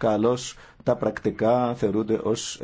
καλώς τα πρακτικά θεωρούνται ως